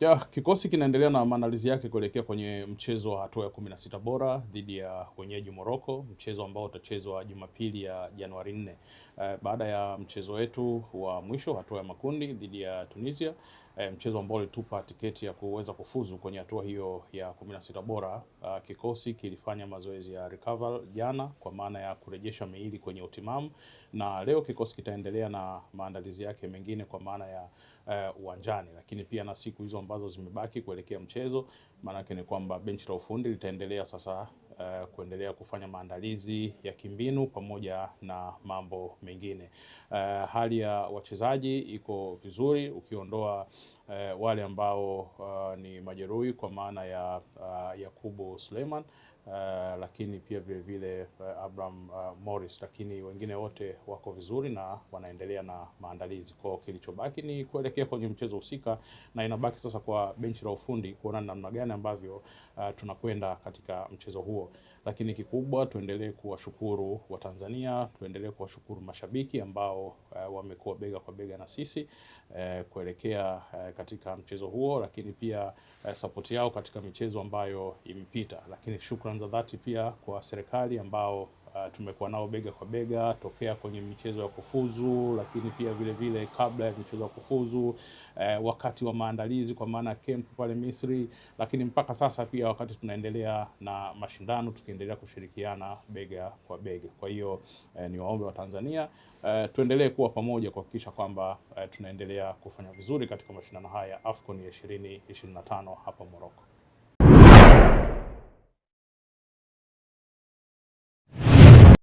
Ya, kikosi kinaendelea na maandalizi yake kuelekea kwenye mchezo wa hatua ya kumi na sita bora dhidi ya wenyeji Morocco, mchezo ambao utachezwa Jumapili ya Januari nne. Uh, baada ya mchezo wetu wa mwisho hatua ya makundi dhidi ya Tunisia Eh, mchezo ambao ulitupa tiketi ya kuweza kufuzu kwenye hatua hiyo ya 16 bora. Uh, kikosi kilifanya mazoezi ya recover jana kwa maana ya kurejesha miili kwenye utimamu, na leo kikosi kitaendelea na maandalizi yake mengine kwa maana ya eh, uwanjani, lakini pia na siku hizo ambazo zimebaki kuelekea mchezo, maanake ni kwamba benchi la ufundi litaendelea sasa Eh, kuendelea kufanya maandalizi ya kimbinu pamoja na mambo mengine. Uh, hali ya wachezaji iko vizuri ukiondoa eh, wale ambao uh, ni majeruhi kwa maana ya uh, Yakubu Suleiman uh, lakini pia vile vile uh, Abraham uh, Morris, lakini wengine wote wako vizuri na wanaendelea na maandalizi. Kwa kilichobaki ni kuelekea kwenye mchezo husika, na inabaki sasa kwa benchi la ufundi kuona namna gani ambavyo uh, tunakwenda katika mchezo huo, lakini kikubwa tuendelee kuwashukuru Watanzania, tuendelee kuwashukuru mashabiki ambao uh, wamekuwa bega kwa bega na sisi uh, kuelekea uh, katika mchezo huo, lakini pia uh, support yao katika michezo ambayo imepita, lakini shukrani za dhati pia kwa serikali ambao uh, tumekuwa nao bega kwa bega tokea kwenye michezo ya kufuzu, lakini pia vile vile kabla ya michezo ya kufuzu, uh, wakati wa maandalizi kwa maana camp pale Misri, lakini mpaka sasa pia wakati tunaendelea na mashindano tukiendelea kushirikiana bega kwa bega. Kwa hiyo uh, ni waombe wa Tanzania uh, tuendelee kuwa pamoja kuhakikisha kwamba uh, tunaendelea kufanya vizuri katika mashindano haya AFCON 2025 hapa Morocco.